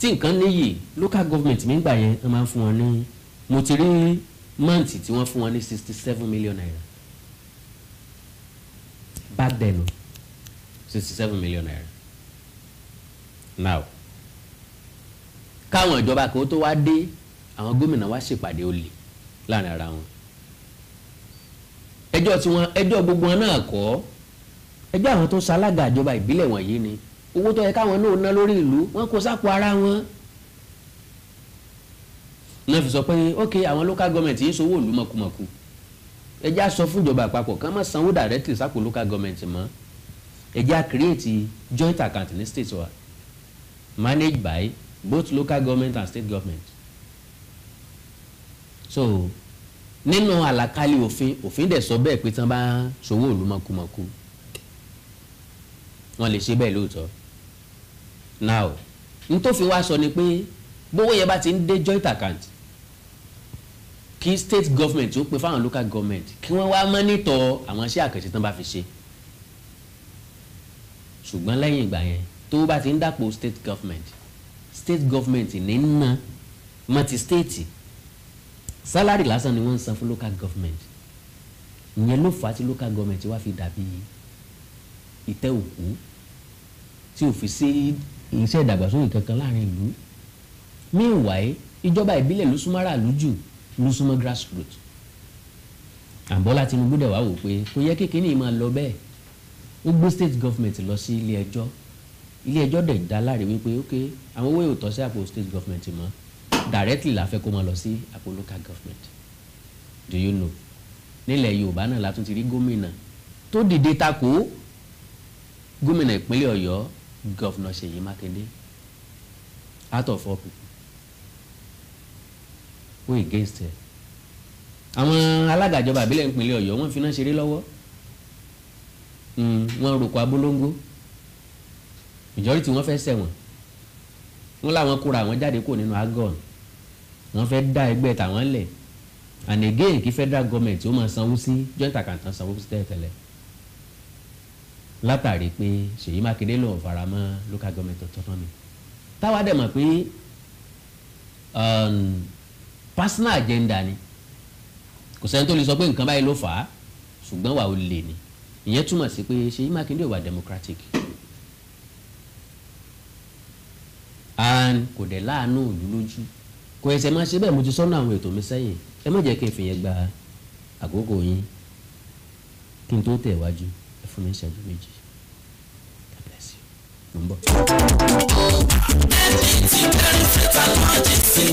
tí nǹkan níyì local government mi ń gbà yẹn wọ́n máa ń fún wọn ní mo ti rí mọ́ǹtì tí wọ́n fún wọn ní sixty seven million naira back then sixty seven million naira now káwọn ìjọba kan tó wá dé àwọn gómìnà wá ṣèpàdé olè láàrin ara wọn ẹjọ́ tiwọn ẹjọ́ gbogbo wọn náà kọ́ ẹjọ́ àwọn tó ṣalága ìjọba ìbílẹ̀ wọ̀nyí ni owó tó yẹ káwọn náà ná lórí ìlú wọn kó sápò ara wọn náà fi sọ pé ok àwọn local government yìí sowó òlu mọ̀kùmọ̀kù ẹ jẹ́ á sọ fún ìjọba àpapọ̀ kán má sanwó directly sápò local government mọ́ ẹ a á create joint account ní state wa managed by both local government and state government so nínú àlàkalẹ̀ òfin òfin dẹ̀ sọ bẹ́ẹ̀ pé tán bá sowó òlu mọ̀kùmọ̀kù wọ́n lè ṣe bẹ́ẹ̀ lóòótọ́ now n tó fi wá sọ ni pé bówó yẹn bá ti ń dé joint account kí state government ó pe fáwọn local government kí wọ́n wá mọ́nítọ̀ àwọn iṣẹ́ àkànṣe tán bá fi ṣe ṣùgbọ́n lẹ́yìn ìgbà yẹn tó bá ti ń dàpọ̀ state government state government ní ń mọ́ ti state salary lásán ni wọ́n ń san fún local government ìyẹn ló fà á tí local government wá fi dàbí ìtẹ́ òkú tí ò fi sí iṣẹ́ ìdàgbàsókè kankan láàrin ìlú meanwhile ìjọba ìbílẹ̀ ló súnmọ́ aráàlú ló súnmọ́ grassroots àbọ̀lá Tinubu dẹ̀ wá wò pé kò yẹ kékeré yìí máa lọ bẹ́ẹ̀ ó gbé state government lọ sí ilé ẹjọ́ ilé ẹjọ́ dẹ̀ dá láre wípé ok àwọn owó ìwòtọ́ sí àpò state government mọ́ directly la fẹ́ kó máa lọ sí àpò local government do you know nílẹ̀ Yorùbá náà la tún ti rí gómìnà tó dìde takò gómìnà ìpínlẹ̀ Ọ̀yọ́ gọ́vnà Ṣèyí Mákindé out of all people ó against ẹ̀ àwọn alága ìjọba àbílẹ̀ ìpínlẹ̀ ọ̀yọ́ wọ́n fi iná ṣeré lọ́wọ́ hmm, wọ́n roko abolongo ìjọ́rí tí wọ́n fẹ́ ṣẹ̀wọ̀n wọ́n láwọn kóra àwọn jáde kó nínú agon wọ́n fẹ́ dá ẹgbẹ́ tàwọn lẹ̀ and again kí federal government ó máa sanwó sí joint account sanwó sí tẹ́lẹ̀tẹ́lẹ̀ látàrí pé Ṣèyí Mákindé lòun fara mọ́ local government autonomy táwa dẹ̀ mọ̀ pé. Um, personal agenda ni kò sẹ́ni tó lè sọ pé nǹkan báyìí ló fà á ṣùgbọ́n wà ó lè ní ìyẹn túmọ̀ sí pé Ṣèyí Mákindé wà democratic and kò dẹ̀ láàánú òlú lójú kò ẹsẹ̀ máa ṣe bẹ́ẹ̀ mo ti sọ́nà àwọn ètò mi sẹ́yìn ẹ má jẹ́ kí n fìyẹn gba àkókò yín kí n tó tẹ̀ wájú ẹ fún mi ṣẹ́jú méjì mo ń bọ̀. ẹni tí bẹ́ẹ̀ ń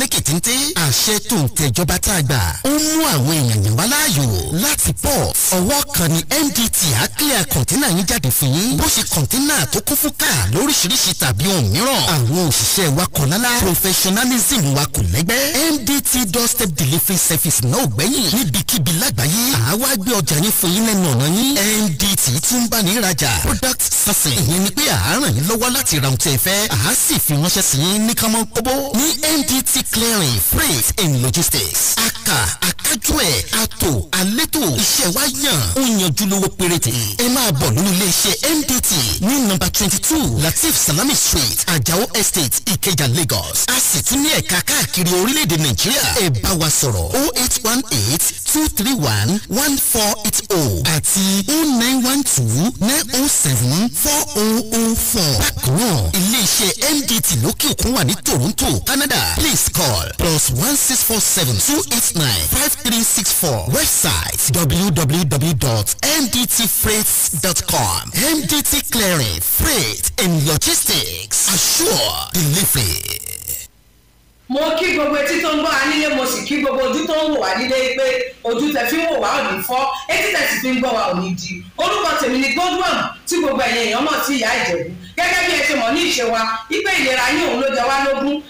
lékè téńté àṣẹ tó ń tẹjọba tá a gbà ó mú àwọn èèyàn yàn wá láàyò láti port ọwọ́ kan ni ndtea clear container yín jáde fún yín bó ṣe container tó kún fún káà lóríṣiríṣi tàbí ohun mìíràn àwọn òṣìṣẹ́ wa kọ̀ lálá professionalism wa kò lẹ́gbẹ́ mdt doorstep delivery service náà ò gbẹ́yìn níbikíbi lágbàáyé àwa gbé ọjà yín fún yín lẹ́nu ọ̀nà yín mdt tún bá ní ìrajà product sourcing ìyẹn ni pé à á ràn yín lọ́wọ́ láti ra ohun tí ẹ fẹ́ à á sì fi ránṣẹ́ sí yín ní kánmọ́ kóbó ní mdt sí clearing freight and logistics. aka akájú ẹ̀ ato alétò iṣẹ́ wa yàn ó yanjú lówó péréte. ẹ máa bọ̀ nínú iléeṣẹ́ MDT ní nọ́mbà twenty two Latif Salami Street Ajao Estate Ikeja Lagos. a sì tún ní ẹ̀ka káàkiri orílẹ̀-èdè Nàìjíríà. ẹ bá wa sọ̀rọ̀ o oh eight one eight two three one one four eight o. Oh àti o oh nine one two nine oh seven four oh oh four. bákan náà iléeṣẹ́ MDT lókè òkun wà ní Toronto Canada please please call plus 16472895364. Website www.mdtfreights.com. MDT Clearing, Freight and Logistics. Assure delivery. mo kí gbogbo etí tó ń gbọ́ anílé mo sì kí gbogbo ojú tó ń wò wá nílé pé ojú tẹ fi ń wò wá ò ní fọ́ etí tẹ sì fi ń gbọ́ wá ò ní di orúkọ tèmi ni Godwin tí gbogbo ẹ̀yìn èèyàn mọ̀ sí ìyá ìjẹ̀bú gẹ́gẹ́ bí ẹ ti mọ̀ ní ìṣe wa ipe ìlera yín òun ló jẹ wá lógún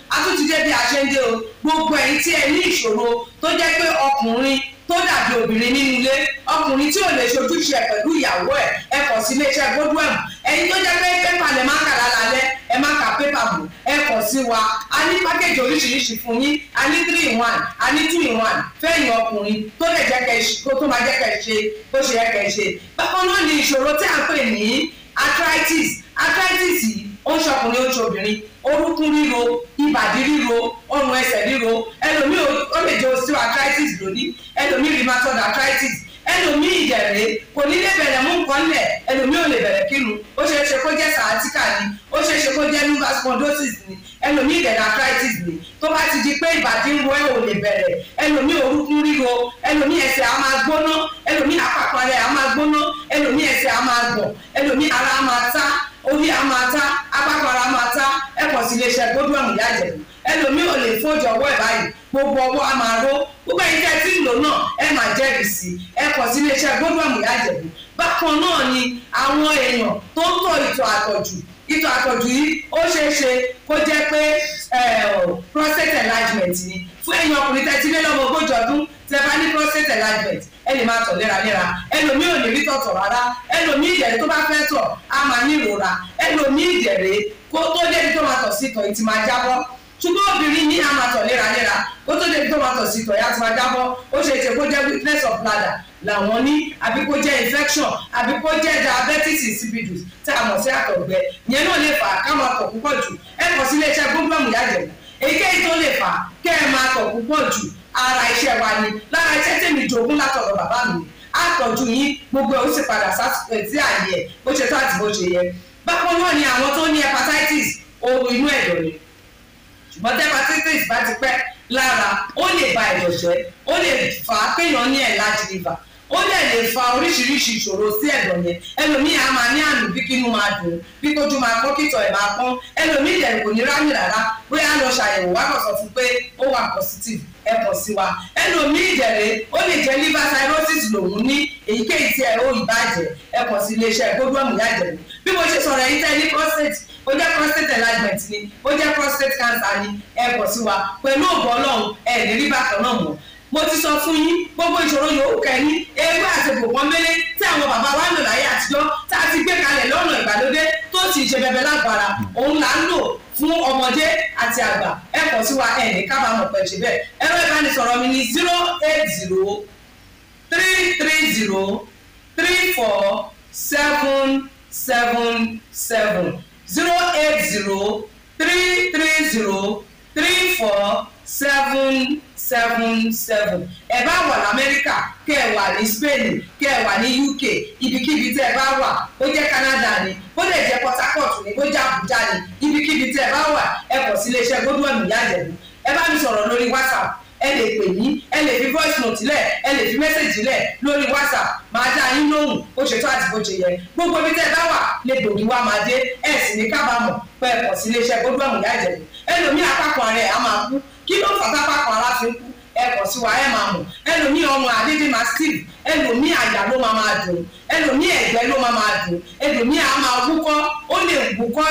gbogbo ẹ̀yin tí ẹ ní ìṣòro tó jẹ́ pé ọkùnrin tó dàbí obìnrin nínú ilé ọkùnrin tí ò lè ṣojúṣe ẹ̀ pẹ̀lú ìyàwó ẹ̀ ẹ kọ̀ sí iléeṣẹ́ gbódú ẹ̀mù ẹ̀yin tó jẹ́ pé pépà lè má kà lálálẹ́ ẹ má kà pépà bò ẹ kọ̀ sí wa a ní pákéjì oríṣiríṣi fún yín a ní three in one a ní two in one fẹ́yìn ọkùnrin tó lè jẹ́ kẹ́ tó máa jẹ́ kẹ́ ṣe bó ṣe yẹ kẹ́ ṣe bákan náà ni ìṣòro tí à ń pè ní arthritis arthritis yìí ó ń ṣọkùnrin ó ń ṣobìnrin orúkún ríro ìbàdí ríro ọrùn ẹsẹ̀ ríro ẹlòmíì ó lè jẹ osteoarthritis lónìí ẹlòmíì rheumatoid arthritis ẹlòmíì ìdẹ̀rẹ̀ kò ní lè bẹ̀rẹ̀ mú nǹkan lẹ̀ ẹlòmíì ò lè bẹ̀rẹ̀ kínu ó ṣeé ṣe kó jẹ́ sciatica ni ó ṣeé ṣe kó jẹ́ lumbar spondylosis ni ẹlòmíì ìdẹ̀rẹ̀ arthritis ni tó bá ti di pé ìbàdí ń wo ẹ̀ ò lè bẹ̀rẹ̀ ẹlòmíì orúkún ríro ẹlòmíì ẹsẹ̀ á máa gbóná ẹlòmíì àpapọ̀ rẹ̀ á máa gbóná ẹlòmíì ẹsẹ̀ á máa gbọ̀n ẹlòmíì ara á máa tá orí a máa ta apákọ̀ọ́ra máa ta ẹ pọ̀ sí iléeṣẹ́ gbódú ẹ̀mú ìyájẹ̀ ẹlòmíì ò lè fòjò ọwọ́ ẹ̀ báyìí gbogbo ọwọ́ a máa ró gbogbo ẹ̀yin tẹ́ tí ń lò náà ẹ máa jẹ́rìí sí ẹ pọ̀ sí iléeṣẹ́ gbódú ẹ̀mú ìyájẹ̀ bákan náà ni àwọn èèyàn tó ń tọ̀ ìtọ̀ àtọ̀jù ìtọ̀ àtọ̀jù yìí ó ṣeé ṣe kó jẹ́ pé prostate enlargement ni fún ẹ̀yin ọkùnrin tẹ́ ti lé lọ́mọ ogójì ọdún tẹ́ ní prostate enlargement ẹ lè máa tọ̀ léraléra ẹlòmíì ò ní rí tọ̀tọ̀ rárá ẹlòmíì ìdẹ̀rẹ̀ tó bá fẹ́ tọ̀ á máa ní ìrora ẹlòmíì ìdẹ̀rẹ̀ kó tó débi tó máa tọ̀ sí tọ̀ ìtì máa jábọ́ ṣùgbọ́n obìnrin ní a máa tọ̀ léraléra kó tó débi tó máa tọ̀ sí tọ̀ ìyá ti máa jábọ́ ó ṣe ṣe kó jẹ́ weakness of bladder làwọn ní àbí kó jẹ́ infection àbí kó jẹ́ diabetes insipidus tá a mọ̀ sí àtọ̀gbẹ yẹn náà lè fà ká máa tọ̀ púpọ̀ jù ẹ kàn sí iléeṣẹ́ gbọ́ngbọ̀n ara iṣẹ́ wa ni lára iṣẹ́ tèmi jogún látọ̀rọ̀ bàbá mi àtọ̀jú yín gbogbo ẹ̀ ó sì padà sí àyè ẹ̀ bó ṣe tó àti bó ṣe yẹ bákan náà ni àwọn tó ní hepatitis ohun inú ẹ̀dọ̀ ni ṣùgbọ́n tí hepatitis bá ti pẹ́ lára ó lè ba ẹ̀dọ̀ jẹ́ ó lè fà á péyàn ní ẹ̀ láti liver ó dẹ̀ lè fa oríṣiríṣi ìṣòro sí ẹ̀dọ̀ yẹn ẹlòmíì á máa ní àmì bí kínú máa dùn bí kójú máa pọ́n kìtọ̀ ẹ̀ máa pọ́n ẹlòmíì dẹ̀ kò ní rámì rárá bóyá lọ ṣàyẹ̀wò wá kàn sọ fún pé ó wà positive ẹ pọ̀ sí wa ẹlòmíì ìjẹ̀rẹ̀ ó lè jẹ́ liver cirrhosis lòun ní èyíkéyìí tí ẹ ó ìbàjẹ́ ẹ pọ̀ sí iléeṣẹ́ gbódúọ̀mù yájẹ̀rẹ̀ bí mo ṣe sọ̀rọ̀ yìí mo ti sọ fún yín gbogbo ìṣòro yòówù kẹ́ni ewé àti bòpọ́n mẹ́lẹ́ tí àwọn bàbá wa lò láyé àtijọ́ tá a ti gbé kalẹ̀ lọ́nà ìgbàlódé tó ti ṣe bẹbẹ lágbára òun là ń lò fún ọmọdé àti àgbà ẹ kọ sí wa ẹ̀ ní kábàámọ̀ pẹ̀ ṣe bẹ́ẹ̀ ẹ̀rọ ìbánisọ̀rọ̀ mi ni zero eight zero three three zero three four seven seven seven zero eight zero three three zero three four seven seven seven ẹ bá wà lamẹ́ríkà kẹ́ ẹ wà ní spain kẹ́ ẹ wà ní uk ibikíbi tẹ́ ẹ bá wà ó jẹ́ canada ni ó lè jẹ́ port harcourt ni ó jẹ́ abuja ni ibikíbi tẹ́ ẹ bá wà ẹ kọ̀ sí iléeṣẹ́ gbọ́dọ̀ ìyá àjẹ̀bù ẹ bá mi sọ̀rọ̀ lórí whatsapp ẹ lè pè mí ẹ lè fi voice note lẹ̀ ẹ lè fi message lẹ̀ lórí whatsapp máa dá yín lóhùn ó ṣètò àti bó ṣe yẹ gbogbo ibi tẹ́ ẹ bá wà lè gbòógì wá máa dé ẹ sì ní kábàámọ̀ pé ẹ kọ̀ sí iléeṣẹ́ gbọ́dọ̀ ìyá àjẹ̀bù ẹlòmíì apákan rẹ̀ á máa kú kí ló fà tápá kan aláfi kú ẹ kọ̀ sí wa ẹ máa mọ̀ ẹlòmíì ọmọ àdídì máa steve ẹlòmíì àyà ló máa máa dùn ẹlòmíì ẹ̀gbẹ́ ló máa máa dùn ẹlòmíì á máa wúkọ́ ó lè wúkọ́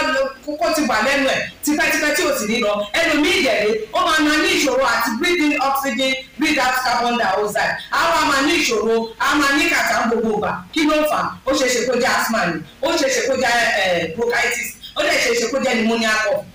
kókó ti wà lẹ́nu ẹ̀ tipẹ́tipẹ́ tí ò sì ní lọ ẹlòmíì ìdẹ̀rẹ̀ ó máa máa ní ìṣòro àti breathing oxygen breathe out carbon dioxide á wá máa ní ìṣòro á máa ní kàtà ń gbogbo ìgbà kí ló fà ó ṣeéṣe kó jẹ́ asthma ni ó ṣeéṣe kó jẹ́ bronchitis ó dẹ̀ ṣeéṣe kó jẹ́ pneumonia cough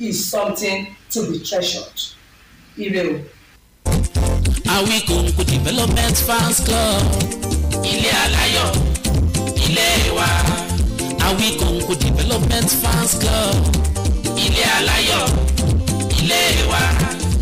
is something to be treasured. Ire o. Awikonko Development Fans Club. Ilé Aláyọ̀, ilé wa. Awikonko Development Fans Club. Ilé Aláyọ̀, ilé wa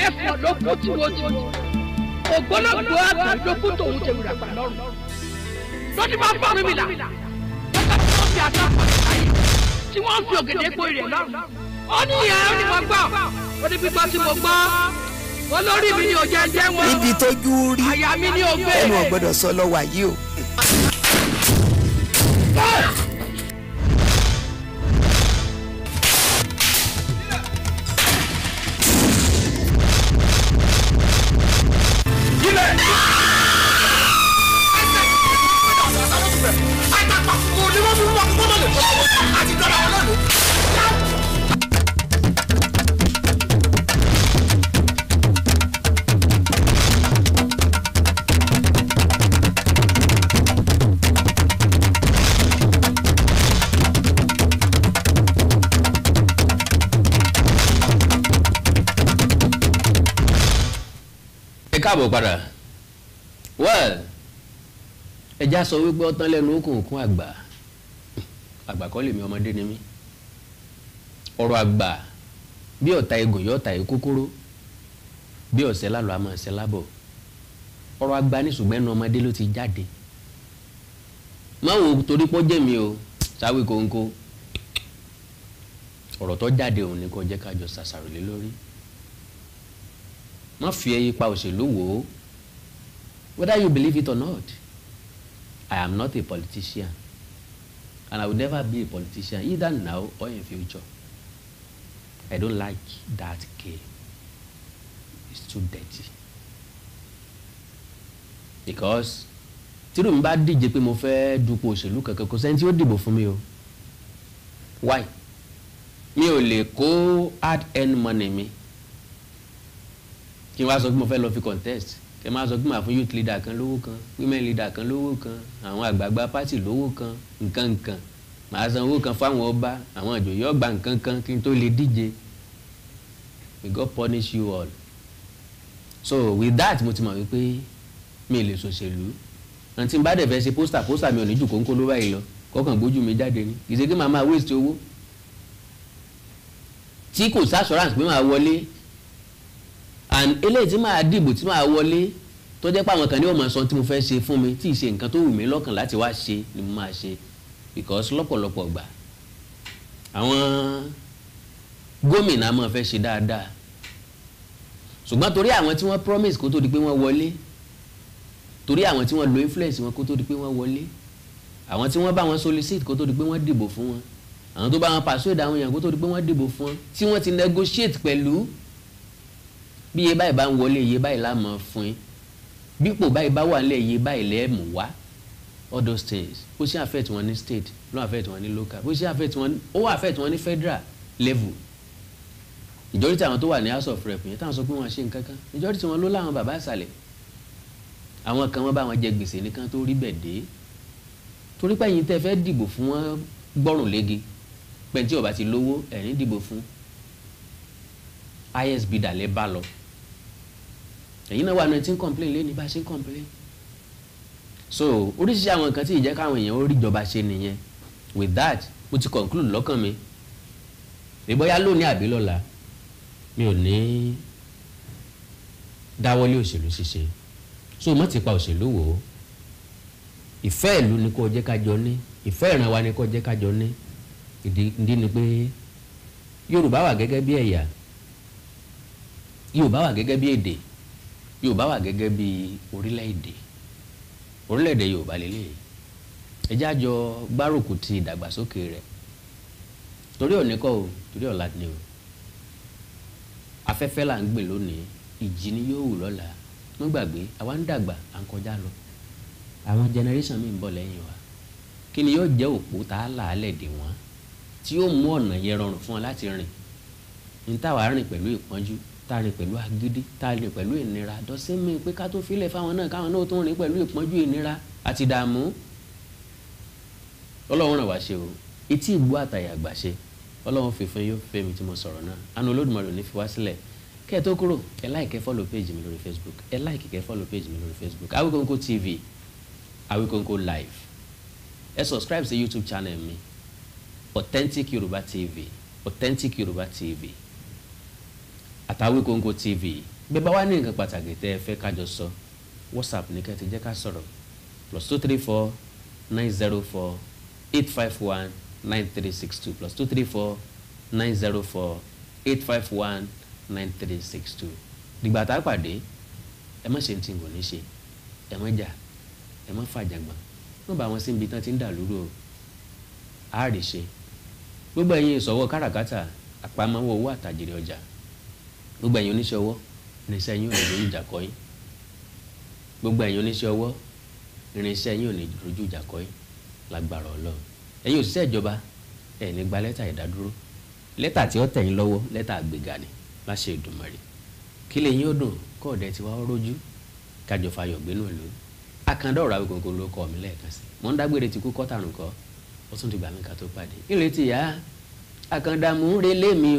ẹ̀fọ́ ló kú tí wo ti ògbólógbò àgbà ló kú tòun tèmi rà pa lọ́rùn lọ́dún bá bọ̀ mí là lọ́dún tí wọ́n fi àdá pàṣẹ láyé tí wọ́n fi ògèdè gbó rẹ̀ lọ́rùn ó ní ìyá ó ní mo gbọ́ ó ní gbígbọ́ tí mo gbọ́ olórí mi ni òjẹ́ jẹ́ wọn níbi tójú rí àyà mi ni ó gbé ẹnu ò sọ lọ́wọ́ àyè o. káàbọ̀ padà well ẹja sọ wípé ọtán lẹ́nu okùnkùn àgbà àgbà kọ́ lèmi ọmọdé ni mí ọ̀rọ̀ àgbà bí ọ̀tá egun yóò ta ìkókóró bí ọ̀sẹ̀ lálọ́ àmọ́ ọ̀sẹ̀ lábọ̀ ọ̀rọ̀ àgbà ní ṣùgbọ́n ẹnu ọmọdé ló ti jáde má wo torí pọ́ jẹ́ mi o sáwé kóńkó ọ̀rọ̀ tó jáde òun ni kò jẹ́ ká jọ ṣàṣàrò lé lórí má fi ẹyin pa òṣèlú wò ó whether you believe it or not I am not a politician and I will never be a politician either now or in future I don't like that game it's too dirty because tí lóun bá díje pé mo fẹ́ dupò òṣèlú kankan kò sẹ́ni tí ó dìbò fún mi o why mi ò lè kó hard earned money mi kí n wá sọ pé mo fẹ́ lọ fi contest kí n máa sọ pé màá fún youth leader kan lówó kan women leader kan lówó kan àwọn àgbààgbà party lówó kan nǹkan nǹkan màá san owó kan fáwọn ọba àwọn ìjòyè ọgbà nǹkan kan kí n tó lè díje may God punish you all so with that mo ti mọ̀ wípé mi lè ṣòṣèlú àǹtí bá dẹ̀ fẹ́ ṣe pósítà pósítà mi ò ní jù kóńkó ló báyìí lọ kọ́kàn gbójú mi jáde ni ìṣègbè màá máa waste owó tí kò sá assurance pé màá wọlé and eléyìí tí máa dìbò tí máa wọlé tó jẹ́ pé àwọn kan ní ọmọ sọ tí mo fẹ́ ṣe fún mi tí ì ṣe nǹkan tó wù mí lọ́kàn láti wá ṣe ni mo máa ṣe because lọ́pọ̀lọpọ̀ gbà àwọn gómìnà máa fẹ́ ṣe dáadáa ṣùgbọ́n torí àwọn tí wọ́n promise kó tó di pé wọ́n wọlé torí àwọn tí wọ́n lo influence wọn kó tó di pé wọ́n wọlé àwọn tí wọ́n bá wọn solicit kó tó di pé wọ́n dìbò fún wọn àwọn tó bá wọn persuade àwọn èèyàn kó tó di pé wọ́n dìbò fún wọn tí wọ́n ti negotiate pẹ̀lú bí iye báyìí bá ń wọlé iye báyìí láàmú fún yín bípò báyìí bá wà nílẹ̀ iye báyìí lẹ́ẹ̀mú wá all those things ó sì affect wọn ní state ló affect wọn ní local ó sì affect wọn ó affect wọn ní federal level ìjọ́rí tí àwọn tó wà ní house of rep yẹn táwọn sọ pé wọ́n ṣe nǹkan kan ìjọ́rí tí wọ́n ló láwọn bàbá àṣàlẹ̀ àwọn kan wọ́n bá wọn jẹ gbèsè nìkan tó rí bẹ̀ dé torí pé ẹ̀yin tẹ́ fẹ́ dìbò fún wọn gbọ́rùn lége pẹ̀ntì ọ̀bà ti lówó ẹ̀yin dìbò fún isb dàlẹ́ bá lọ ẹ̀yin náà wà ní ẹ ti ń complain lẹ́ni bá ṣe ń complain so oríṣiríṣi àwọn nǹkan tí ìjẹ́ káwọn èèyàn ó rí ìjọba ṣe nìyẹn with that mo ti conclude lọ́kàn mi ìbọ̀yá lónìí àbí lọ́la mi ò ní dáwọ́lé òṣèlú ṣíṣe so mo ti pa òṣèlú wò ó ìfẹ́ ìlú ni kò jẹ́ ká jọ ní ìfẹ́ ìran wa ni kò jẹ́ ká jọ ní ìdí ni pé Yorùbá wà gẹ́gẹ́ bí ẹ̀yà Yorùbá wà gẹ́gẹ́ bí èdè yorùbá wà gẹ́gẹ́ bí orílẹ̀-èdè orílẹ̀-èdè yorùbá lélẹ̀ ẹjẹ́ àjọ gbárùkù ti ìdàgbàsókè rẹ̀ torí òní kọ́ o torí ọ̀la ni o afẹ́fẹ́ là ń gbìn lónìí ìjì ni yóò wù lọ́la wọ́n gbàgbé àwa ń dàgbà à ń kọjá lọ àwọn generation mi ń bọ̀ lẹ́yìn wa kí ni yóò jẹ́ òpó tá a là á lẹ̀ dè wọ́n tí yóò mú ọ̀nà yẹn rọrùn fún ọ láti rìn ní táwa rìn pẹ̀lú ìpọ́njú tá a rìn pẹ̀lú agídí tá a rìn pẹ̀lú ìnira dọ́sẹ́mi pé ká tó filẹ̀ fáwọn náà káwọn náà tó rìn pẹ̀lú ìpọ́njú ìnira àti ìdààmú ọlọ́run ràn wá ṣe o etí ìgbó àtàyà àgbà ṣe ọlọ́run fìfún yóò fẹ́ mi tí mo sọ̀rọ̀ náà àna olódùmarè ò ní fi wá sílẹ̀ kẹ́ ẹ tó kúrò ẹ láìkẹ́ fọ́lọ̀ péjì mi lórí facebook ẹ láìkẹ́ fọ́lọ̀ péjì mi lórí facebook Awikonko TV Awikonko live ẹ subscribe sí youtube channel mi authentic yorùbá tv authentic yorùbá tv àtàwíkóńkó tv bẹ́ẹ̀ bá wà ní nǹkan pàtàkì tẹ́ ẹ fẹ́ kájọ sọ whatsapp ní kẹ́ ẹ ká sọ̀rọ̀ plus two three four nine zero four eight five one nine three six two plus two three four nine zero four eight five one nine three six two dìgbà tá a pàdé ẹ má ṣe ti ń gò ní ṣe ẹ má jà ẹ má fàjàgbọ́n wọ́n bá wọn sí ibi tán ti ń dà lúrò àárẹ̀ ṣe gbogbo ẹ̀yin ìṣòwò káràkátà àpamọ́wọ́ owó àtàjèrè ọjà gbogbo ẹ̀yin oníṣẹ́ ọwọ́ irinṣẹ́ yín ò ní dojú ìjà kọ yín gbogbo ẹ̀yin oníṣẹ́ ọwọ́ irinṣẹ́ yín ò ní dojú ìjà kọ yín lágbára ọlọ́run ẹ̀yin òṣìṣẹ́ ìjọba ẹ̀ ní gba lẹ́tà ìdádúró lẹ́tà tí ó tẹ̀ yín lọ́wọ́ lẹ́tà àgbéga ni láṣẹ Èdùmàrè kí lè yín ó dùn kọ́ ọ̀dẹ tí wàá rójú kájọ fayọ̀ gbénú ìlú Àkàndá Ọ̀rọ̀ Awíkonko ló kọ́ mi lẹ́ẹ̀kan sí mọ́ ń dágbére ti kú kọ́tàrún kọ́ ó tún ti gbà mí ká tó pàdé ìrètí yá Àkàndá mú relé mi